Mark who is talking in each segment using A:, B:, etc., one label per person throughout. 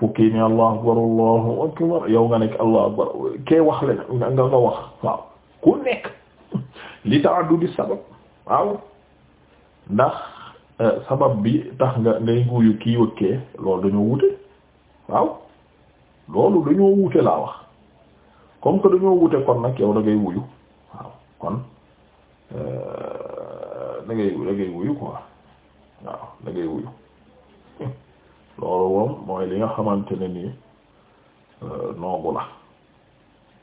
A: fukki ni allahu akbar allahu akbar yow nga nekk allahu akbar kee wax le nga nga wax waaw ku nekk li ta'addudi sabab waaw ndax euh, sabab bi tax nga ngay nguyu kii wëkkee loolu dañoo wute waaw loolu dañoo wute laa wax comme que dañoo wute kon nag yow da ngay wuyu waaw kon euh, da wuyu quoi waaw da wuyu loolu moom mooy li nga xamante ne nii euh, noogu la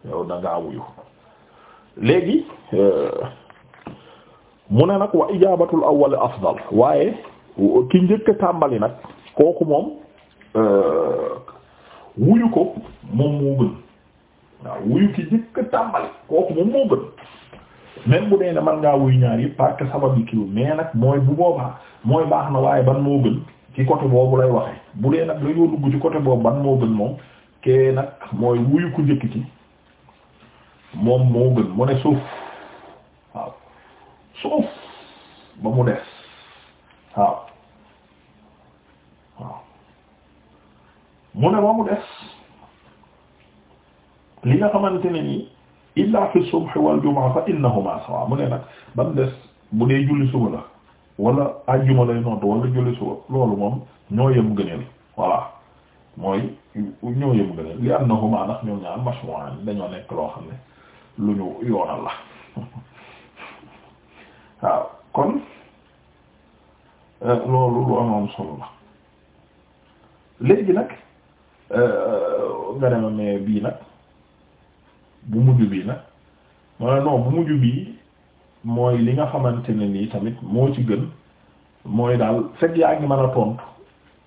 A: yow da ngaa wuyu léegi euh, mu ne nag wa ijaabatul awwal afdal waaye ki njëkk a tàmbali nag kooku moom euh, wuyu ko moom moo gën waaw wuyu ki njëkk a tàmbali kooku moom moo gën même bu dee ne man ngaa wuyu ñaar yi parce sabab yi kiiwul mais nag mooy bu boobaa mooy baax na waaye ban moo gën. ci côté boobu lay waxee bu dee nag dañoo dugg ci côté boobu ban moo gën moom kee nag mooy wuyu ku njëkk ci moom moo gën mu ne suuf waaw suuf ba mu des waaw waaw mu ne ba mu des li nga xamante ne nii illa fi subh wal jumaa fa innahuma sawa mu ne nag ba mu des bu dee julli suba la wala ajjuma lay nootu wala julli suba loolu moom ñoo yem gëneel mooy ñoo yem gëneel li am na huma ndax ñaar mashru'an dañoo nekk loo xam ne lu ñu yoonal la waaw kon eh, loolu lu am am solo la léegi nag eh, nga dema bii nag bu mujj bii nag ma ne non bu mujj bii mooy li nga xamante ne nii tamit moo ci gën mooy daal fekk yaa ngi mën a tontu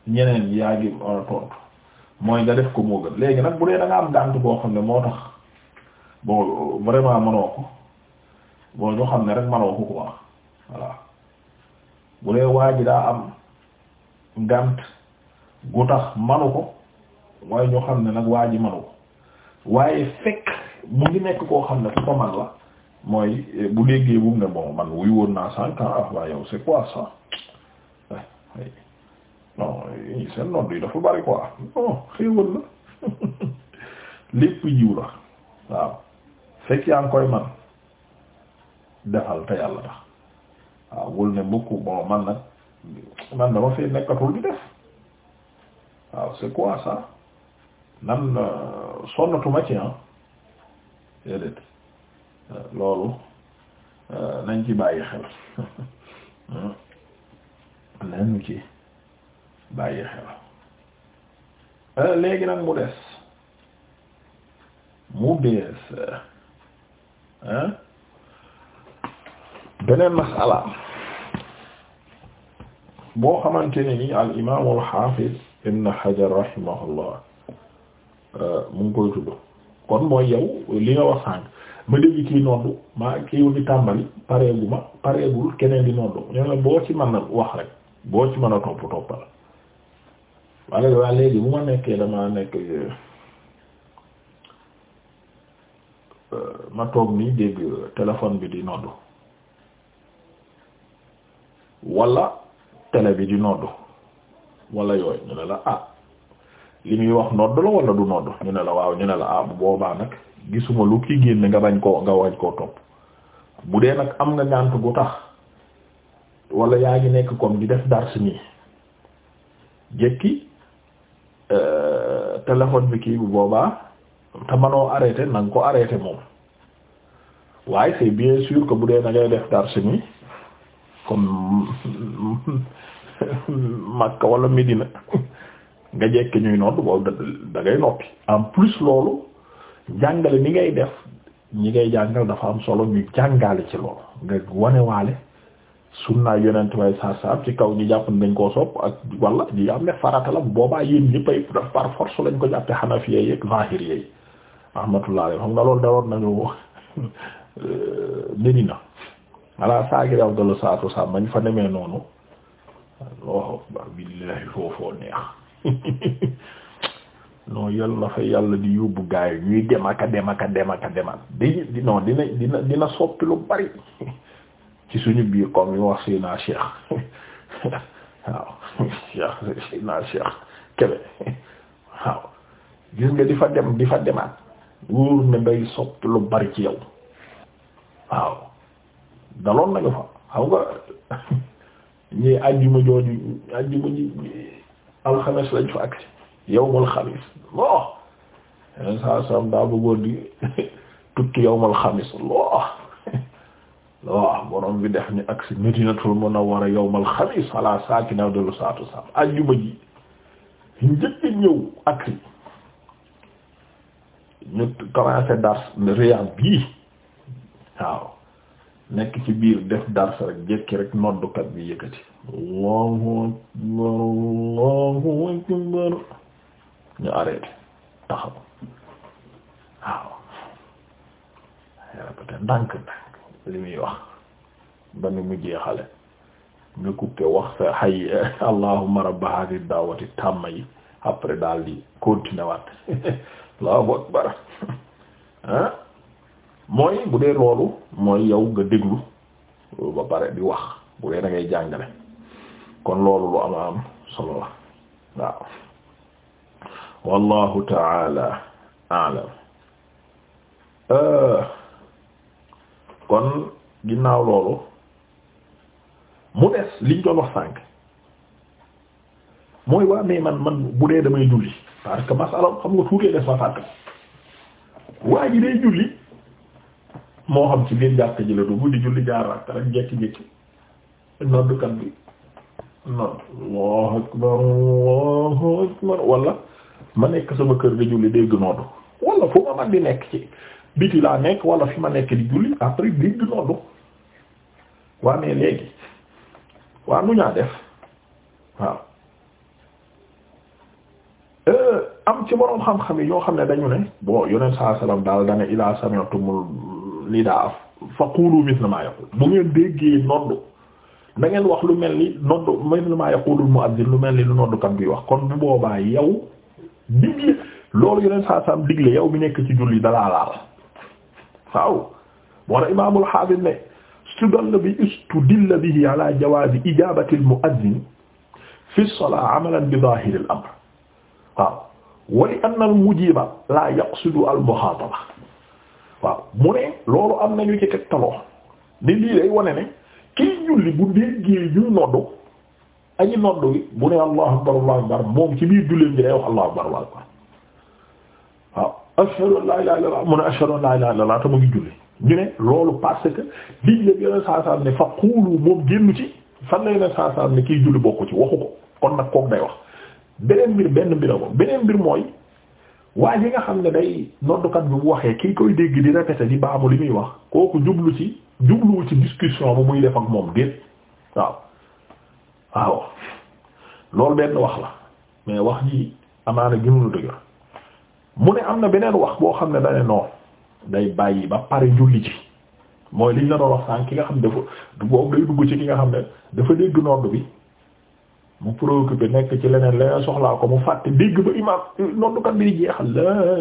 A: ñeneen yaa ngi mën a tontu mooy nga def ko moo gën léegi nag bu dee da am gànt boo xam ne moo tax bon vraiment mënoo ko bon ñoo xam ne rek mënoo ko quoi bu dee waa ji daa am gànt gu tax manu ko waaye ñoo xam ne nag waa ji manu ko waaye fekk mu ngi nekk koo xam ne ku ko man la mooy eh, bu déggee bu mu ne bon man wuy woon naa sànq ah waa yow c'est quoi ça non eh, seen nodd yi dafa bari quoi non xéewal la lépp jiw la waaw fekk yaa ngi koy man defal te yàlla tax waaw ne mukk bon man nag man dama fee nekkatul di def waaw c'est quoi nan euh, sonnatuma ci ah déedéet loolu euh, nañ ci bàyyi xel nañ ci bàyyi xel euh, léegi nag mu des mu des euh, hein beneen masala boo xamante ne ni al imaam al xaafiz ibn Hajar rahimahullah mu ngi koy tudd kon li nga wax sànq ma dégg kii noddu maa kii wu di tàmbali pareegu pareegul keneen di noddu ñu la boo ci mën a wax rek boo ci mën a topp topp la walla ma nekkee damaa euh, euh, bi di noddu walla télé bi yooyu ñu la ah li ñuy wax nodd la wala du nodd ñu ne la waaw ñu ne la ah bu boobaa nag gisuma lu ki génn nga bañ koo nga wañ koo topp bu dee nag am nga ngànt bu tax wala yaa ngi nekk comme di def dars nii jekki euh, téléphone bi kii bu boobaa te manoo arrêté na ko arrêté moom waaye c'est bien sûr que bu dee da ngay def dars nii comme Makka wala Medina nga jekki ñuy nodd boobu da dangay noppi en plus loolu jàngale ni ngay def ñi ngay jàngal dafa am solo ñu jàngale ci loolu nga wanewaale sunna yonent way saa saa ci kaw ñu jàpp ne dañ koo sopp ak wala ñu am ne farata boobaa yéen ñëpp ay par force lañ ko jàppe xanafiya yeeg zahir yeeg rahmatullah alayhi xam nga loolu daroon nañu Medina euh, ala saagir abdallah saatu sa mañ fa nemee noonu Allahu akbar billahi foofoo neex non yàlla fa yàlla di yóbbu gaa yi ñuy dem ak a dem ak a dem ak a demal di di non dina dina soppi lu bari ci suñu biir comme yu wax Seyna Cheikh waaw Cheikh Seyna Cheikh waaw gis nga di fa dem di fa demaat wóor ne day soppi lu bari ci yow waaw daloon nañu fa xam nga ñii àjjuma jooju àjjuma ji. alxames lañ fa agsi yawmul xamis loo yeneen saa saam daa bëggoon di tukki yawmul xamis loo loo borom bi def ni agsi Madinatul Munawwara yawmul xamis ala saakina afdalu salaatu wassalaam ajjuma ji njëkk ñëw agsi ñu commencé dars Riyad bii waaw nekk ci biir def dars rek jekki rek noddukat bi yëkkati allahu akbar allahu akbar ñu arrêté taxaw waaw répété ndànk li muy wax ba nu mu jeexale nga coupé wax sa hay allahumma rabba hadhihi da'wati tàmma yi après daal di continuer waat allahu akbar ah mooy bu dee loolu mooy yow nga déglu ba pare di wax bu dee da jàngale kon loolu lu am am solo la waaw wallahu taala alam euh, kon ginnaaw loolu mu des liñ doon wax mooy waa mais man man bu dee damay julli parce que masala xam nga tuutee des ma fàtt waa ji day julli moo xam ci biir jàkk ji la dugg di julli jaar rakk rek jekki-jekki noddukat bi non Allahu akbar Allahu akbar wala ma nekk sama kër di julli dégg di nekk ci biti wala fi ma nekk di julli après dégg noddu waa mais léegi waa nu ñaa def waaw euh, am ci boroom xam-xam yi ñoo xam ne dañu ne bon yoneen saa salaam daal dana ilaa sami'tumul nidaa fa qulu mithla ma yaqul bu ngeen déggee noddu na ngeen wax lu mel ni noddu mithla ma yaqulul mu'adhdhin lu mel ni lu noddukat bi wax kon bu boobaa yow digle loolu yeneen saa saam digle yow bi nekk ci julli dalaa laal waaw war a imaamul hafiz ne studalla bi istudilla bihi ala jawaazi ijaabati al mu'adhdhin fi as-salaa amalan bi zaahiri al amr waaw wa li anna al mujiba la yaqsidu al muxaataba waaw mu ne loolu am nañu ci tegtaloo ni lii lay wane ne kii julli bu déggee ñuy noddu añi noddu gi bu ne allahu akbar allahu akbar moom ci biir julleem ji day wax allahu akbar allahu akbar waaw ashhadu an la ilaha illallah mu ne ashhadu an la mu ngi julli ñu ne loolu parce que digle bi yeneen saa saa ne fa xuulu moom génnu ci fan la yeneen saa saa ne kiy julli bokku ci waxu ko kon nag kook day wax beneen mbir benn mbir a moom beneen mbir mooy waaye yi nga xam ne day noddukat bi bu waxee kii koy dégg di répété di baamu li muy wax kooku jublu ci jubluwu ci discussion bu muy def ak moom déet waaw waaw loolu benn wax la mais wax ji amaana gënula dëgër mu ne am na beneen wax boo xam ne dane noonu day bàyyi ba pare julli ci mooy liñ la doon wax sànq ki nga xam ne dafa boobu day dugg ci ki nga xam ne dafa dégg nodd bi mu préoccupé nekk ci leneen la soxlaa ko mu fàtte dégg ba imaam noddukat bi jeexal la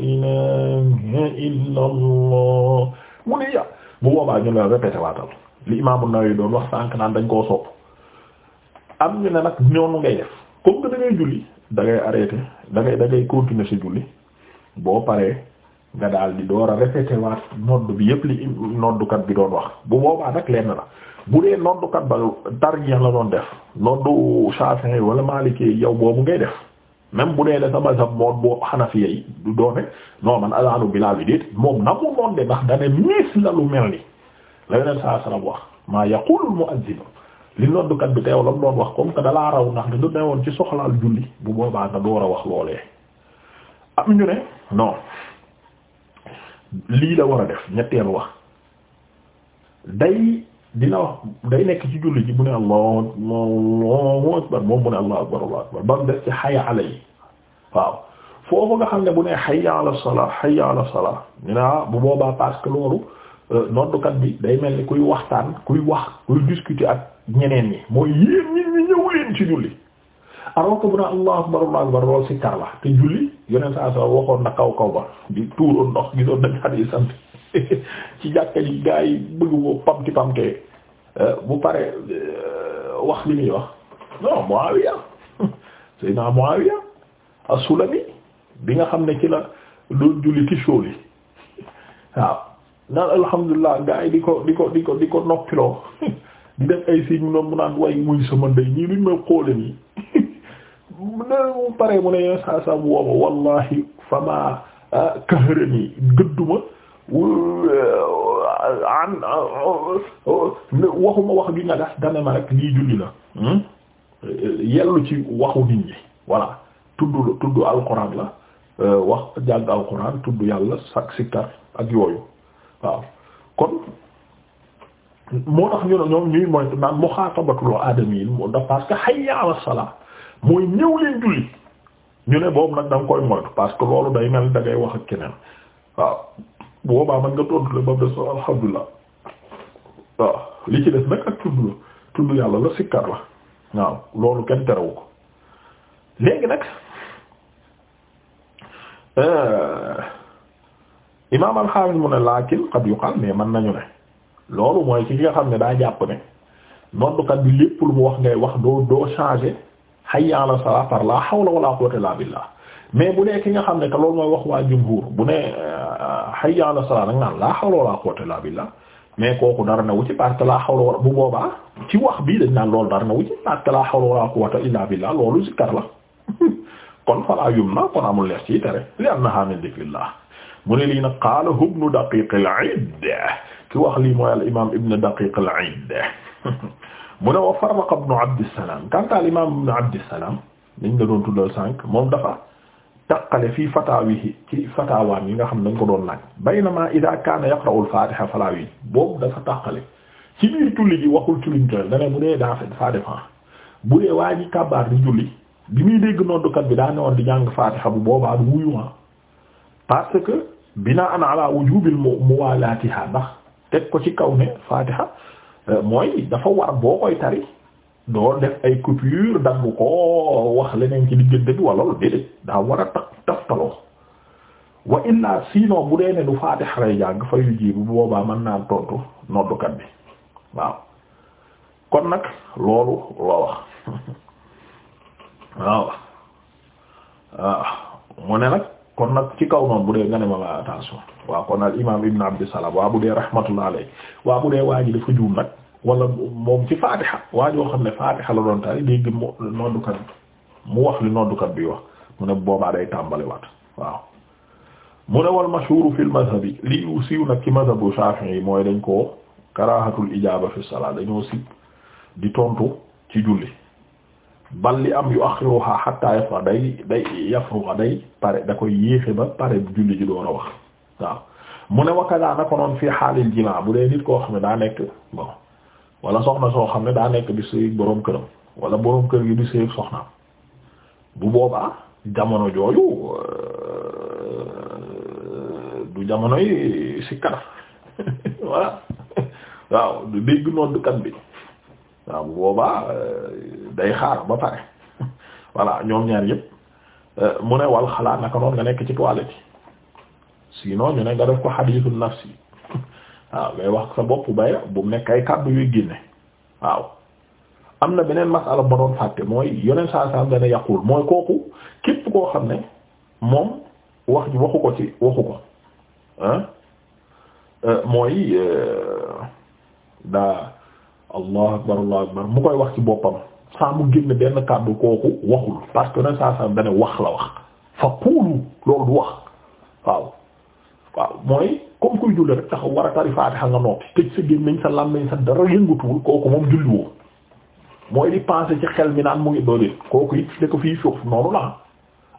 A: ilaha illa allah mu ñu la répété waatal li imaam an doon wax sànq naan dañ koo sopp am ñu ne nag ñoonu ngay def comme que da ngay julli da ngay arrêté da continuer sa julli boo paree nga daal di door a répété waat nodd bi yëpp li noddukat bi doon wax bu boobaa nag lenn la bu dee noddukat ba tarjih la doon def noddu Shafi'i wala Maliki yow boobu ngay def même bu dee ne sama sab moom boo Hanafiya yi du doone non man alaanu Bilaal bi moom na mu noon de ndax dane miis la lu mel ni la yoneen saa sallam wax maa yaqulul mu'azzin li noddukat bi teew la mu doon wax comme que dalaa raw ndax da du newoon ci soxlaal julli bu boobaa nga war a wax loolee am ñu ne non lii la war a def ñetteelu wax day dina wax day nekk ci julli ji bu ne allahu akbar allahu akbar moom bu ne allahu akbar allahu akbar ba mu def ci hayya ala yi waaw foofu nga xam ne bu ne hayya ala salaa hayya ala salaa ñu ne ah, bu boobaa parce que loolu euh, noddukat bi day mel ni kuy waxtaan kuy wax kuy discuter ak ñeneen ñi mooy yéen ñi ñu ñëw leen ci julli alors que bu ne allahu akbar allahu akbar loolu si kar la te julli yeneen saa saa waxoon na kaw kaw ba di tuuroon ndox gisoon dañ xadiis sant ci jàkka ji gaa yi bëgg woo pamti pamtee euh, bu pare euh, wax li muy wax non Muawiya Seydina Muawiya as-Sulami bi nga xam ne ci la doon julli ci yi waaw naan alhamdulilah gaa yi di ko di ko di ko di ko noppiloo di def ay signe noonu mu naan way muy sama ndey ñii luñ may xoole nii mu ne mu pare mu ne saa saa bu wallahi fama ah, këhërën yi gëdduma an waxuma wax gi nga gas dane ma rek lii julli la hmm? yellu ci waxu nit ñi voilà tudd la tudd alquran la wax jàng alquran tudd yàlla sak sikkar ak yooyu waaw kon moo tax ñu ne ñoom ñuy mooy naan muxaatabatuloo aadami yi moo tax parce que hayya ala mooy ñëw leen julli ñu ne boobu nag da koy moytu parce loolu day mel da wax ak keneen waaw bu boobaa man nga tontu la ba mu des la waaw li ci des nag ak tudd la yàlla la sikkar la waaw loolu kenn terewu ko léegi nag euh, imaam alxames mu ne laakin qad yuqal mais mën nañu ne loolu mooy ci ki nga xam ne daa jàpp ne noddukat bi lépp lu mu wax ngay wax doo doo changer hayya ala salaa par la hawla wala quwwata illa mais bu ki nga xam ne te loolu mooy wax waa jumhur bu ne euh, hayya ala salat nag naan laa hawla wala quwwata illa billah mais kooku dara newu ci parce que laa bu boobaa ci wax bii dañ naan loolu dara newu ci parce que laa hawla wala quwwata illa billah loolu zikkar la kon falaa yum na kon amul leer ci tere li annaha min dhikrillah mu ne lii nag qaalahu ibnu daqiq al-iid ki wax lii mooy al imam ibnu daqiq al-iid mu ne wa farraqa ibnu abdissalaam kanta al imam ibnu abdissalaam moom dafa taqale fii fataawihi ci fataawaam yi nga xam ne dañ ko doon laaj baynama idaa kaana yaqra'ul faatiha falaa wiin boobu dafa taqale ci biir julli ji waxul ci luñ tooy dana bu dee daa ça dépend bu ji kabaar di julli bi muy dégg noddukat bi daa newoon di jàng faatiha bu boobaa du wuyu ma ah. parce que binaan ala wujubil muwaalaatiha ndax teg ko ci kaw ne faatiha euh, mooy dafa war boo koy tari. doo def ay coupure daggu ko wax leneen ci diggante bi wala lu déedéet daa war a taf taftaloo wa illaa bu dee ne du faatiha lay jàng fa yu jiibu boobaa mën naa tontu noddukat bi waaw kon nag loolu loo wax waaw waaw mu ne nag kon nag ci kaw noonu bu dee nga ne ma la attention waaw kon al imaam ibn abdissalaam waa bu dee rahmatullah alayhi waa bu dee waa dafa juum nag wala moom ci faatiha waa joo xam ne faatiha la doon tari léegi mo noddukat mu wax li noddukat bi wax mu ne boobaa day tàmbali waat waaw mu ne wal mashhur fil madhabi li siiw yi mooy dañ ko karaahatul ijaaba fi salaat dañoo si di tontu ci julli bal li am yu axiruha hatta yafruga day day yafruga day pare da koy yéexe ba pare julli ji door a wax waaw mu ne wakkadaa na ko noon fii xaalil jimaa bu dee nit koo xam ne daa nekk wala soxna soo xam ne daa nekk di sëy boroom këram wala boroom kër gi di sëy soxnaam bu boobaa jamono jooju euh, du jamono yi si kar waaw du dégg noddukat bi waaw bu boobaa euh, day xaar ba pare voilà ñoom ñaar yëpp euh, mu ne wal xalaat naka noonu nga nekk ci toilette sinon ñu ne nga def ko xadiisu nafsi waaw ngay wax sa bopp bay bu nekk ay kàddu yuy génne waaw am na beneen masala ba doon fàtte mooy yoneen saa saa dana yàqul mooy kooku koo xam ne moom wax ji waxu ko ci waxu ko euh, mooy euh, daa allah akbar allah akbar mu koy wax ci boppam saa mu génn benn kàddu kooku waxul parce que yoneen saa saa dana wax la wax fa kuulu loolu du wax waaw waaw mooy comme kuy julli rek taxaw war a tari faatiha nga tëj sa gémmiñ sa làmmiñ sa dara yëngutuwul kooku moom julliwoo mooy di penser ci xel mi naan mu ngi dooleel kooku it da ko fii suuf noonu la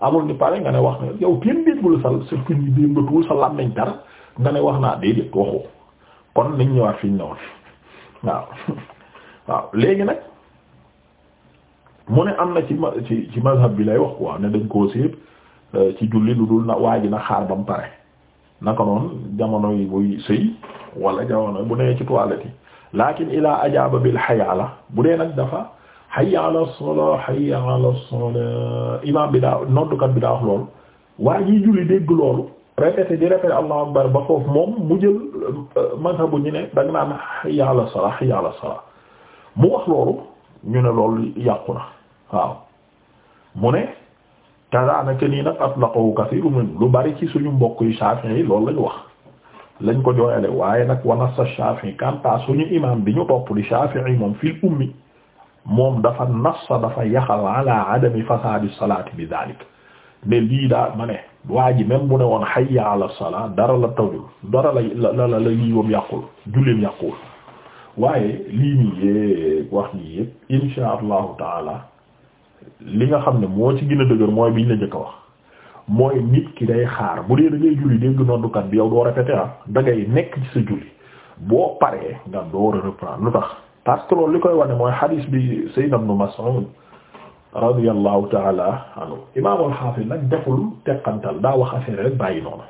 A: amul ni ne wax ne yow kenn déggul sa sa tuñ yi yëngatuwul sa làmmiñ dara nga ne wax naa déedéet waxoo kon nañ ñëwaat fii ñu newoon waaw waaw léegi nag mu ne am na ci ma ci ci bi lay wax ko quoi ne dañ koo séet euh, ci julli lu dul na waa ji na xaar ba mu pare. naka noonu jamono yi buy sëy wala jamono bu nee ci toilette yi lakin ila ajaaba bi hayya la bu dee nag dafa hayya ala salaa hayya bi daa noddukat bi daa wax loolu waa ji julli dégg loolu répété di répété allahu akbar ba foofu moom mu jël euh, mazhabu ñu ne da nga naan hayya ala salaa mu wax loolu ñu ne loolu yàqu waaw mu ne kazaanaka nii nag atlaqahu kathiru min lu bari ci suñu mbokk yu Shafi'i yi loolu lañu wax lañ ko jooyale waaye nag wa nassa Shafi'i kanta suñu imam bi ñu topp di Shafi'i moom fil ummi moom dafa nassa dafa yaxal ala adami fasaadi salaati bi daalik mais lii daa ma ne waa ji même bu ne woon hayya ala salaa dara la tawul dara la la la lii wam yàqul julleem yàqul waaye lii nii yéeg wax nii yépp insha allahu taala li nga xam ne moo ci gën a dëgër mooy biñ la njëkk a wax mooy nit ki day xaar bu dee da ngay julli dégg noddukat bi yow doo répété ah da ngay nekk ci sa julli boo paree nga door a reprendre lu tax parce que loolu li koy wane mooy hadis bi Sayyid Ibn Mas'ud radiyallahu taala anhu imaam al-Hafiz nag deful teqantal daa wax affaire rek bàyyi noonu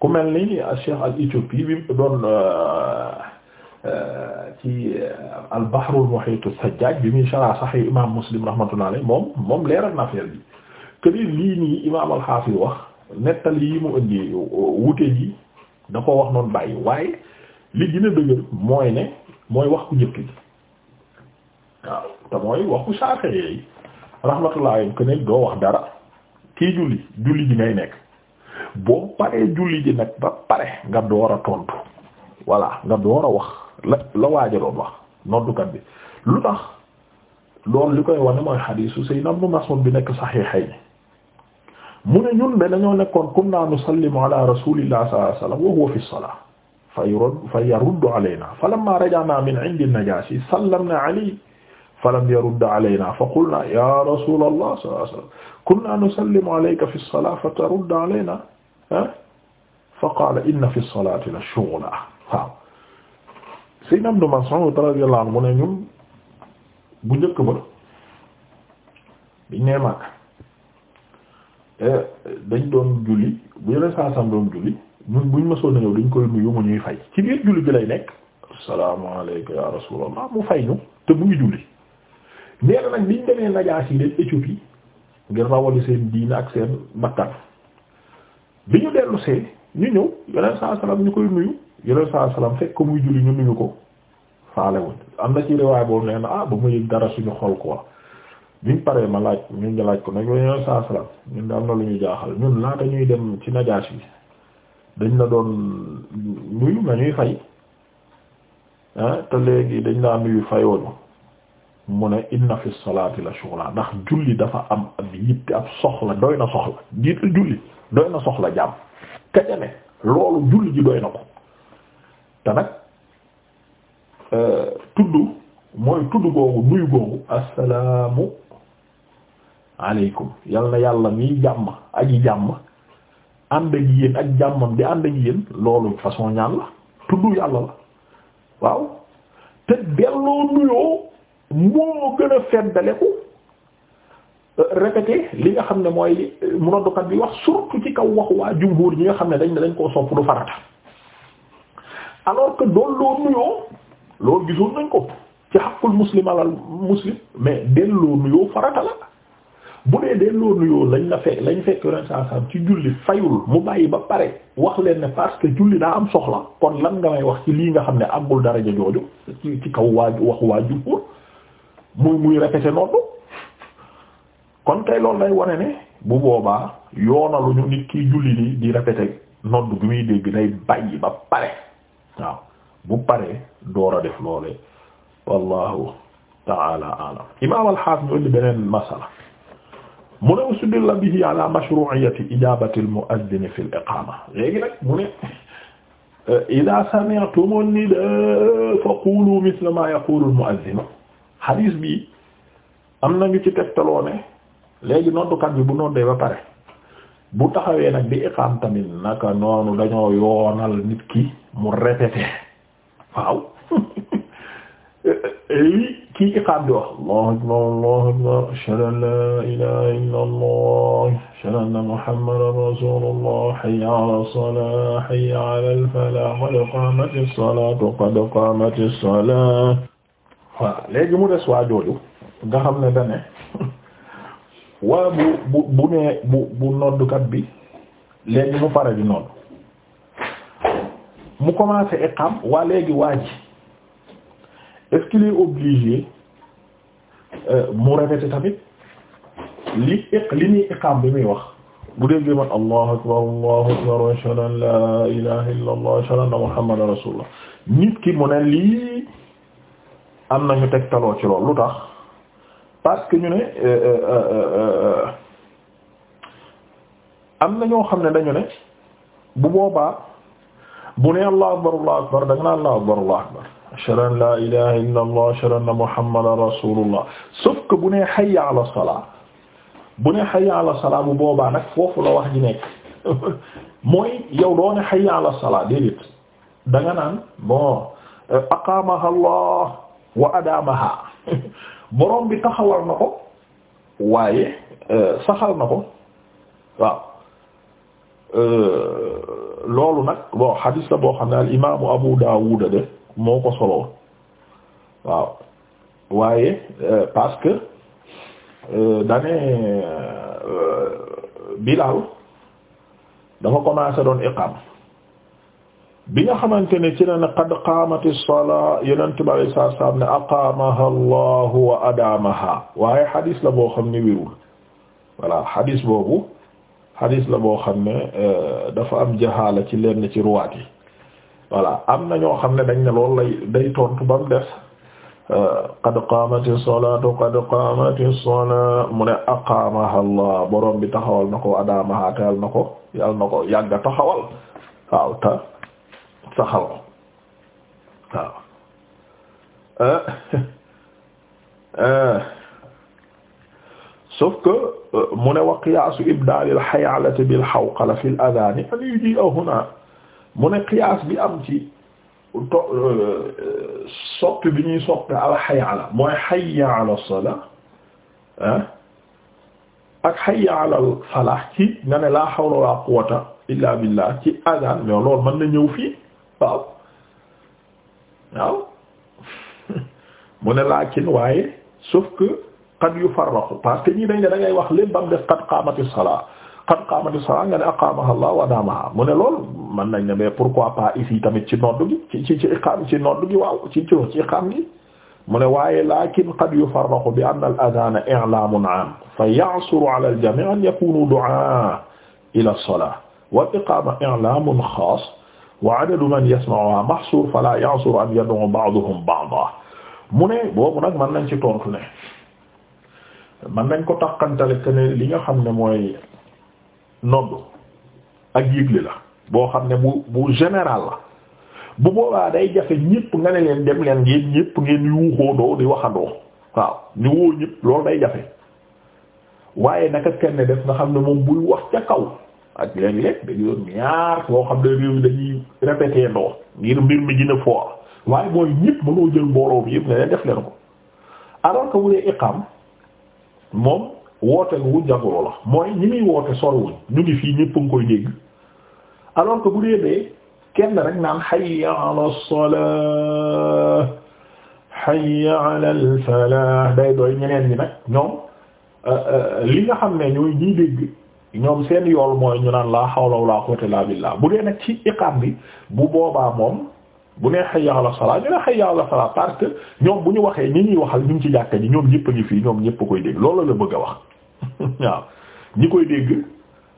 A: ku mel ni Cheikh al Éthiopie bi doon. Euh, Euh, ci euh, al-Bahrul Muhit as-Sajjaj bi muy sharh Sahih imam Muslim rahmatullahi moom moom leeral na affaire bi que lii nii imaam al wax nettali yi mu indi wute ji da wax noonu bàyyi waaye li gën dëgër mooy ne mooy wax ku njëkk ji waaw te mooy waxu Shafi'i yi rahmatullahi alayhi doo wax dara kii julli julli ji ngay nekk boo paree julli ji nag ba pare nga door a tontu voilà nga door a wax. la la waaja doon wax noddukat bi lu tax loolu li koy wane mooy xadiisu Sayyid Ibn Mas'ud bi nekk saxiixayni mu ne ñun de dañoo nekkoon kunna nusallimu ala rasulillahi sallallahu alayhi wa sallam wa huwa fi salaa fa yurad fa yaruddu alaynaa falammaa raja'naa min indi najaasi sallamnaa alayhi falam yarudd alaynaa fa qulnaa yaa rasuulallah sallallahu alayhi wa sallam kunnaa nusallimu alayka fi salaa fa taruddu alaynaa fa qaala inna fi salaati la shughlan waaw Sayyid Ibn Mas'ud radiyallahu anhu mu ne ñun bu njëkk ba biñ nee Makka e, dañ doon julli bu yeneen saa sam doon julli ñun buñ mësoon a mu ñuy fay ci biir julli bi lay nekk assalaamu alayka ya rasulallah mu fay ñu te mu ngi julli nee na nag biñ demee najaas yi leen Éthiopie ngir rawali seen diine ak seen bakkan bi ñu dellu see ñu ñëw yeneen saa salaam ñu koy nuyu yonent saa salaam fekk ko muy julli ñu nuyu ko faale wuñ am na nee na ah ba yëg dara suñu xol quoi biñ paree ma laaj ñun ñu laaj ko nag yonent saa salaam ñun de am na lu ñu jaaxal ñun laata ñuy dem ci najaas yi dañ la doon nuyu nga ñuy fay ah, te léegi dañ laa nuyu fayoonu mu ne inna fi salaati la shughla ndax julli dafa am ab yitte ab soxla doy na soxla jiitu julli na soxla jàmm kajane loolu julli ji doy na ko te nag euh, tudd mooy tudd googu nuyu googu assalaamu aleykum yal na yàlla miy jàmm aji jàmm ànd ak yéen ak jàmmam di ànd ak yéen loolu façon ñaan la tudd yàlla la waaw te delloo nuyoo moo gën a feddaleku euh, répété li nga xam ne mooy euh, munodukat bi wax surtout ci kaw waxu waa jumhur ñi nga xam ne dañ ne dañ koo sopp du farata alors que doon loo nuyoo loolu gisoon nañ ko ci xaqul muslim alal muslim mais delloo nuyoo farata la bu dee delloo nuyoo lañ la fekk lañ fekk yoneen saa saam ci julli fayul mu bàyyi ba pare wax leen ne parce que julli daa am soxla kon lan nga may wax ci lii nga xam ne àggul daraja jooju ci ci kaw waaju wax waaju pour muy muy répété noonu kon tey loolu day wane ne bu boobaa yoonaluñu nit kiy julli di di répété nodd bi muy dégg day bàyyi ba pare waaw bu paree door a def loolee wallahu taala alam imam alxaafis ñu indi beneen masala mu ne usudilla bihi ala mashru'iyyati ijabati al-mu'adhdhin fi al-iqama léegi nag mu ne euh, ida sami'tumu an-nidaa fa qulu mithla ma yaqulu al-mu'adhdhin hadis bi am nañu ci tegtaloo ne léegi noddukat bi bu noddee ba pare bu taxawee nag bi iqaam tamit naka noonu dañoo yoonal nit ki mu répété waaw li kii iqaam di wax allahu akbar allahu akbar ashhadu an la ilaha illa allah ashhadu anna muhammadan rasulullah hayya ala salah hayya ala al falah qad qamatis salatu qad qamatis salah waaw léegi mu des waa jooju nga xam ne dane waa bu bu bu nee bu bu noddukat bi léegi mu pare di nodd mu commencé iqam waa léegi waa ji est-ce qu'il euh, mu répéter tamit li iq li ñuy iqam bi muy wax bu dee géman allahu akbar allahu akbar ashhadu an la ilaha illa allah ashhadu anna muhammadan ki mu ne lii am nañu tegtaloo ci loolu lu tax parce que ñu ne euh, euh, euh, am na ñoo xam ne dañu ne bu boobaa bu ne allahu akbar allahu akbar da nga naan allahu akbar allahu akbar ashhadu an la ilaha illa allah ashhadu anna muhammadan rasulullah sauf que bu ne hayya ala salaa bu ne hayya ala salaa bu boobaa nag foofu la wax ji nekk mooy yow doo ne hayya ala salaa déedéet da nga naan bon aqaamaha allah wa adaamaha borom bi taxawal na ko waaye euh, saxal na ko waaw euh, loolu nag bon xadiis la boo xam ne al imaamu Abu Daawuda de moo ko soloon waaw waaye euh, parce que Bilaal dafa commencé doon iqaam bi nga xamante ne ci la ne qad qaamati salaa yenent bi alei saatu salaam ne aqaamaha waaye xadis la boo xam ne wérul voilà xadis boobu xadis la boo xam ne euh, dafa am jahaala ci leen ci ruwaat yi am na ñoo xam ne dañ ne loolu lay day tontu ba mu des euh, qad qaamati salaatu mu ne aqaamaha allah borom bi taxawal na ko wa adaamaha taal na ko yàlla na ko yàgga taxawal waaw ta saxal ko waaw eh, eh, sauf que eh, mu ne wa qiyaasu ibdalil xayalati bil xawqala fi l adani an yuji a huna mu ne bi am ci so soppi bi ñuy soppi al xayala mooy xayya ala salaa ak xayya ala al falaah ci nga ne laa hawla wala quwwata illa billah adaan mais loolu mën na ñëw fii waaw waaw mu ne laakin waaye sauf que qad yufarraqu parce que ñii dañ ne da ngay wax lépp bam def qad qaamati salaa qad qaamati salaa nga ne aqaamaha Allah wa adaamaha mu ne loolu mën nañ ne mais pourquoi pas ici tamit ci noddu gi ci ci ci iqaam ci noddu gi waaw ci ci ci iqaam gi mu ne waaye laakin qad yufarraqu bi anna al-adhaana i'laamun 'aam fa ya'suru 'ala al-jamii' an yakuunu du'aa ila as-salaa wal iqaama i'laamun xaas wa adadu man yasma'uha mahsur fala ya'sur an yad'u ba'duhum ba'dan mu ne boobu nag man nañ ci tontu ne man nañ ko takkantale que li nga xam ne mooy noddu ak yëgle la boo xam ne bu bu général la bu boobaa day jafe ñépp nga ne leen dem leen ngeen ñépp ngeen yuuxoo doo di waxandoo waaw ñu woo ñépp loolu day jafe waaye naka kenn def nga xam ne moom buy wax ca kaw ak léeg-léeg dañu doon ñaar boo xam ne réew dañuy répété ndox ngir mbir mi gën a fort waaye mooy ñëpp mënoo jël mbooloo bi yëpp ne leen def leen ko alors que wu dee iqam moom woote wu jagoro la mooy ñi muy woote sorwuñ ñu ngi fii ñëpp a ngi koy dégg alors que bu dee dee kenn rek naan hayya ala salah hayya ala al day doy ñeneen ñi nag ñoom euh, euh, li nga xam ne ñooy ñiy dégg ñoom seen yool mooy ñu naan laa hawla wala quwwata illa billah bu dee nag ci iqaam bi bu boobaa moom bu nee hayya ala salaa ñu ne hayya ala salaa parce ñoom bu ñu waxee ñi ñuy waxal ñu ngi ci jàkka ji ñoom ñëpp a fii ñoom ñëpp koy dégg loolu la bëgg a wax waaw ñi koy dégg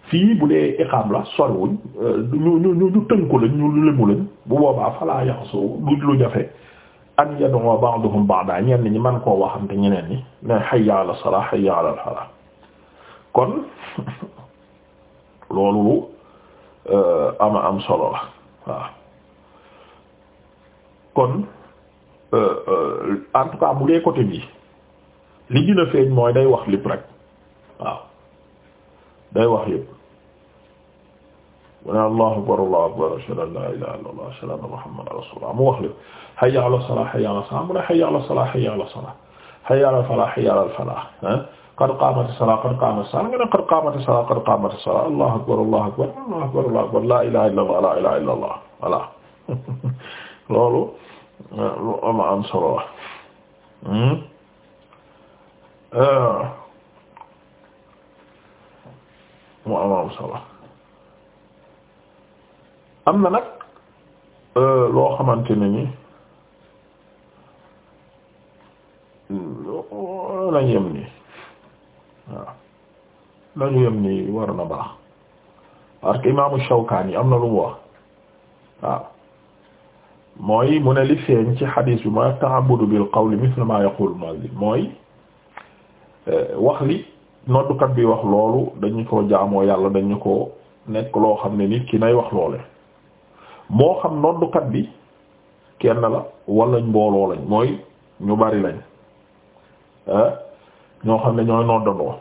A: fii bu dee iqaam la sorwuñ euh, ñu ñu ñu ñu tënku lañ ñu lëmu lañ bu boobaa falaa yaxsu du lu jafe an yad'u ba'duhum ba'da ñenn ñi man koo waxante ñeneen ñi ne hayya ala salaa hayya ala salaa kon loolu euh, ama am solo la waaw kon euh, euh, en tout cas bu li gën a feeñ mooy day wax lépp rek waaw day wax lépp mu ne allahu akbar allahu akbar ashhadu an la ilaha illallah ashhadu anna muhammadan rasulullah mu wax lépp hayya ala salah hayya ala salah mu ne hayya ala salah hayya ala salah hayya ala falah hayya ala falah qad qaamati salaa qad qaamati salaa nga ne qad qaamati salaa qad qaamati salaa allahu akbar allahu akbar allahu akbar allahu akbar laa ilaaha illallah laa ilaaha illallah voilà loolu lu am am solo la hmm? euh, mu am am solo am na nag euh, loo xamante ne ni lañ yem nii waaw lañu yem ni war baax parce que imaamu yi am na lu mu wax waaw mooy mu ne li feeñ ci xadiis bi mooy ta'abbudu bil qawli mithla ma yaqulu mu'adhdhin mooy eh, wax li noddukat bi wax loolu dañu ko jaamoo yàlla dañu ko nekk loo xam ne nit ki nay wax loole moo xam noddukat bi kenn la wala mbooloo lañ mooy ñu bari lañ eh? ñoo xam ne ñooy noddandoo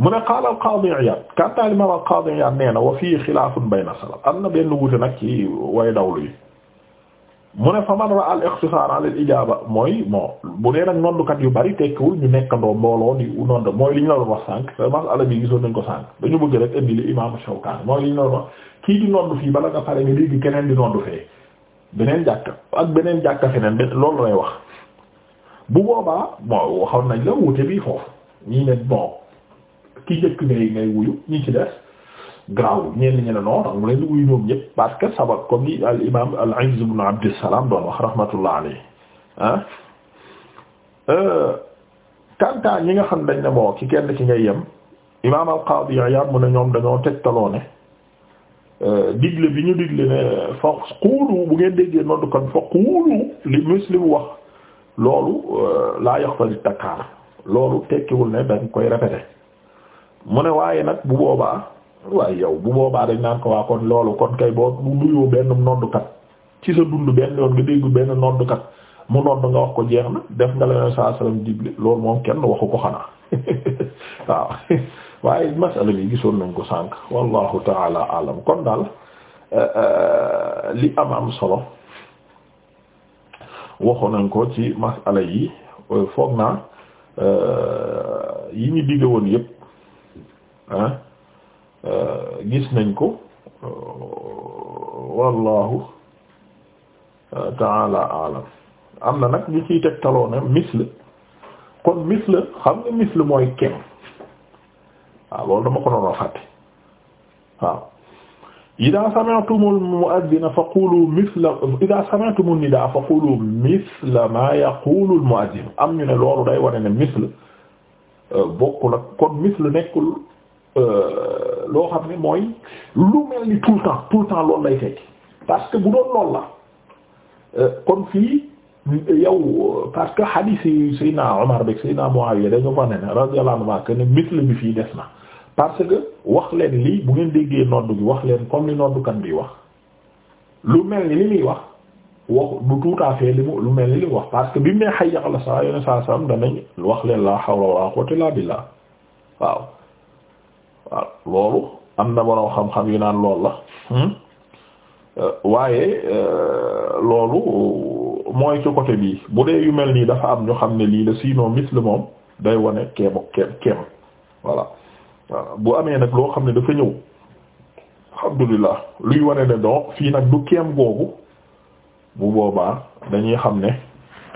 A: mu ne qaala al-Qaadi Iyaad kanta al-imaam al-Qaadi nee na wa fii xilaafun bayna salaf am na benn wuute nag ci way dawlu yi mu ne fa man ra'a al-iqtisaar ala ijaaba mooy bon bu dee nag noddukat yu bari tekkiwul ñu nekkandoo mbooloo di nodd mooy li ñu la doon wax sànq sa masala bi gisoon nañ ko sànq dañu bëgg rek indi li imaamu Shawkaani mooy li ñu la wax kii di nodd fii bala nga pare nga dégg keneen di nodd fee beneen jàkka beneen jàkka feneen loolu lay wax. bu boobaa bon waxoon nañ la wute bi foofu ñii ne bon ki njëkk ngay ngay wuyu ñi ci des graw ñenn ñi ne non tax mu leen di ñëpp parce que sabab comme al imam al Izz ibn Abdissalaam doon wax rahmatullah alayhi ah. euh, nga xam dañ ne bon ci kenn ci ngay yem imam al Qaadi Iyaad mu ne ñoom dañoo tegtaloo ne euh, digle bi ñu digle ne fa quulu bu ngeen déggee noddu fa quulu li muslim wax loolu euh, laa yoxtali takkaar loolu tekkiwul ne danga koy répéter mu ne waaye nag bu boobaa waaye yow bu boobaa dañ naan ko waa kon loolu kon kay boo nuyoo benn noddukat ci sa dund benn yoon nga dégg benn noddukat mu nodd nga wax ko jeex na def nga la yoon saa salaam jibli loolu moom kenn waxu ko xanaa waaw waaye masala bi gisoon nañ ko sànk wallahu taala alam kon daal euh, euh, li am am solo waxoon nañ ko ci masala yi euh, foog naa euh, yi ñu digg woon yëpp euh, gis nañ ko wallahu taala alam am na nag ñu ciy teg taloona misle kon misle xam nga misle mooy kem waaw loolu dama ko doon a fàtte waaw idaa sami'tumul mu'addina faqulu misla idaa sami'tumun nidaa faqulu misla maa yaqulul mu'addin am ñu ne loolu day wane ne misla euh, bokkul ak kon misla nekkul euh, loo xam ne mooy lu mel ni tout le temps tout le temps loolu lay tekki parce que bu doon loolu la euh, kon fii yow parce que hadith yi Seydina Omar beeg Seydina Muawiya dañu fa ne radiyallahu anhu que ne misla bi fii des na. parce que wax leen lii bu ngeen déggee noddu bi wax leen comme li noddukat bi wax lu mel ni li muy wax wax du tout à fait li mu lu mel ni li mu wax parce que bi mu nee hayya ala salaa yone saa wax leen la hawla wala quwwata illa billah waaw waaw loolu yu naan lool la hmm? euh, euh, loolu mooy côté bii bu dee yu mel nii dafa am ñu xam ne lii la sinon mis la moom day wane keem ak keem keem waaw bu amee nag loo xam ne dafa ñëw alhamdulillah luy wane ne donc fii nag du keem googu bu boobaa dañuy xam ne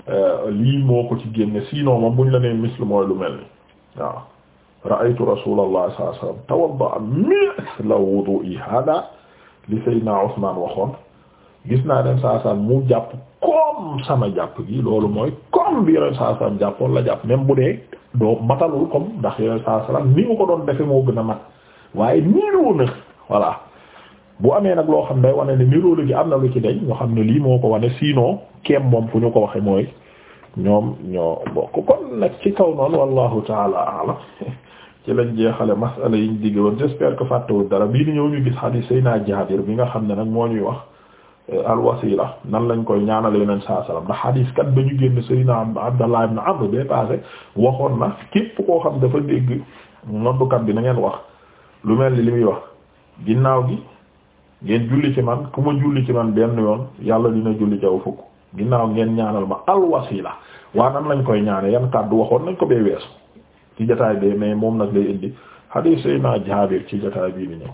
A: euh, lii moo ko ci génne sinon moom buñ la nee misl mooy lu mel ni waaw ra'aytu rasulullah sallallahu alayhi la tawadda'a mithla wudu'i hada li sayyidina Usman waxoon gis naa dem saa mu jàpp comme sama jàpp gi loolu mooy comme bi yeneen saa jàppoon la jàpp même bu dee doo matalul comme ndax yeneen saa ni nga ko doon defe moo gën a mat waaye niiroo na bu amee nag loo xam day wane ne niroo gi am na lu ci deñ ñoo xam ne lii moo ko wane siinoo keem moom ku ñu ko waxe mooy ñoom ñoo bokk kon nag ci kaw noonu wallahu taala alam ci lañ jeexale masala yiñ diggoon j'espère que fàttewul dara bii ni ñëw ñu gis xadiis Seydina Jaabir bi nga xam ne nag moo ñuy wax Euh, alwasila nan lañ koy ñaanal nañ saa salaam ndax hadis kat ba ñu génn Seydina Abdallah ibn Amr bee passé waxoon na képp koo xam dafa dégg noddukat bi nangeen wax lu mel ni li muy wax ginnaaw gi ngeen julli ci man ku ma julli ci man benn yoon yàlla dina julli jaw fukk ginnaaw ngeen ñaanal ma alwasila waa nan lañ koy ñaane yan kàddu waxoon nañ ko bee weesu ci jotaay bee mais moom nag lay indi hadis Seydina Jaabir ci jotaay bii bi ñëw